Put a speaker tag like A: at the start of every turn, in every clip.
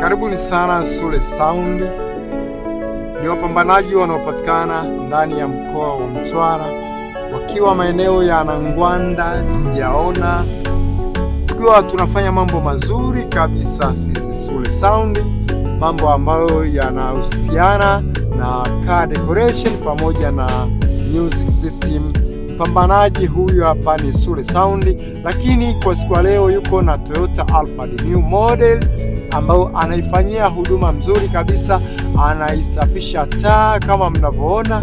A: Karibuni sana Sule Sound, ni wapambanaji wanaopatikana ndani ya mkoa wa Mtwara wakiwa maeneo ya Nangwanda, Sijaona, tukiwa tunafanya mambo mazuri kabisa sisi Sule Sound, mambo ambayo yanahusiana na car decoration pamoja na music system. Mpambanaji huyu hapa ni Sule Sound, lakini kwa siku ya leo yuko na Toyota Alphard new model ambao anaifanyia huduma mzuri kabisa, anaisafisha taa kama mnavyoona,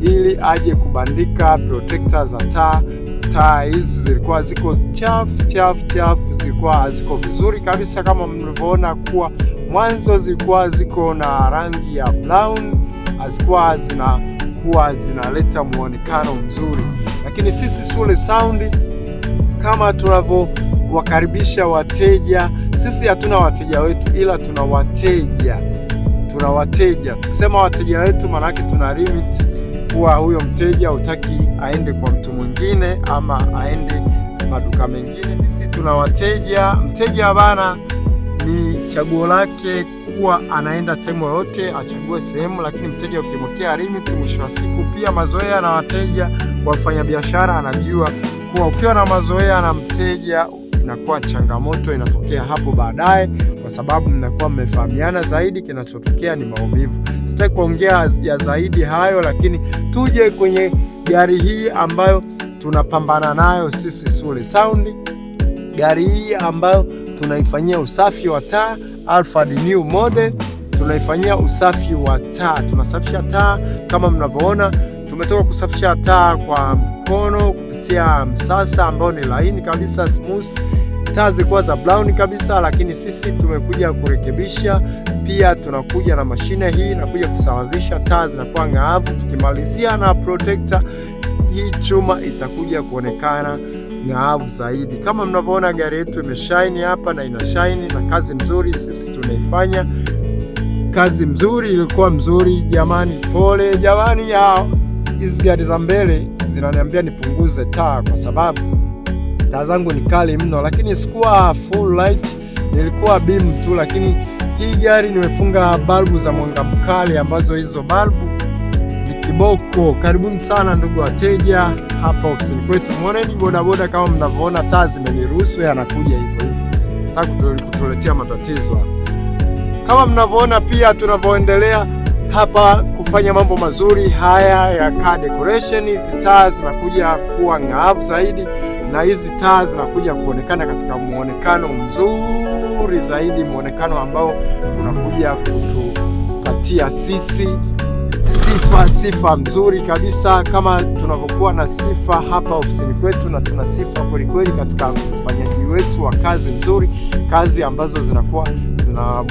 A: ili aje kubandika protector za taa. Taa hizi zilikuwa ziko chafu chafu chafu, zilikuwa haziko vizuri kabisa, kama mnavyoona kuwa mwanzo zilikuwa ziko na rangi ya brown, hazikuwa zinakuwa zinaleta muonekano mzuri, lakini sisi Sule Sound kama tunavyowakaribisha wateja sisi hatuna wateja wetu, ila tuna wateja, tuna wateja. Tukisema wateja wetu, maanake tuna limit kuwa huyo mteja hutaki aende kwa mtu mwingine ama aende maduka mengine. Sisi tuna wateja. Mteja bana, ni chaguo lake kuwa anaenda sehemu yoyote, achague sehemu, lakini mteja ukimwekea limit, mwisho wa siku pia mazoea na wateja, wafanya biashara anajua kuwa ukiwa na mazoea na mteja inakuwa changamoto inatokea hapo baadaye, kwa sababu mnakuwa mmefahamiana zaidi, kinachotokea ni maumivu. Sitaki kuongea ya zaidi hayo, lakini tuje kwenye gari hii ambayo tunapambana nayo sisi Sule Sound, gari hii ambayo tunaifanyia usafi wa taa Alphard new model, tunaifanyia usafi wa taa. Tunasafisha taa kama mnavyoona, tumetoka kusafisha taa kwa mkono ya msasa ambao ni laini kabisa smooth. Taa zilikuwa za brown kabisa, lakini sisi tumekuja kurekebisha. Pia tunakuja na mashine hii nakuja kusawazisha taa zinakuwa ng'aavu. Tukimalizia na protector hii chuma itakuja kuonekana ng'aavu zaidi. Kama mnavyoona gari yetu imeshine hapa na ina shine na kazi mzuri sisi tunaifanya kazi mzuri, ilikuwa mzuri jamani, pole jamani yao hizi gari za mbele zinaniambia nipunguze taa kwa sababu taa zangu ni kali mno, lakini sikuwa full light, nilikuwa beam tu, lakini hii gari nimefunga balbu za mwanga mkali, ambazo hizo balbu ni kiboko. Karibuni sana ndugu wateja hapa ofisini kwetu, moneni bodaboda kama mnavyoona taa zimeniruhusu, anakuja hivyo hivyo, nataka kutuletea matatizo kama mnavyoona. Pia tunavyoendelea hapa kufanya mambo mazuri haya ya car decoration. Hizi taa zinakuja kuwa ng'aavu zaidi, na hizi taa zinakuja kuonekana katika muonekano mzuri zaidi, muonekano ambao unakuja kutupatia sisi sifa sifa mzuri kabisa, kama tunavyokuwa na sifa hapa ofisini kwetu, na tuna sifa kwelikweli katika ufanyaji wetu wa kazi nzuri, kazi ambazo zinakuwa zina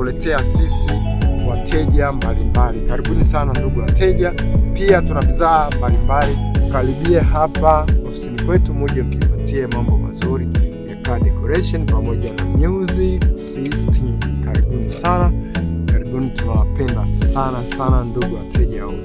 A: kutuletea sisi wateja mbalimbali. Karibuni sana ndugu wateja, pia tuna bidhaa mbalimbali, karibie hapa ofisini kwetu moja mkipatie mambo mazuri ya car decoration pamoja na music system. Karibuni sana, karibuni, tunawapenda sana sana ndugu wateja wote.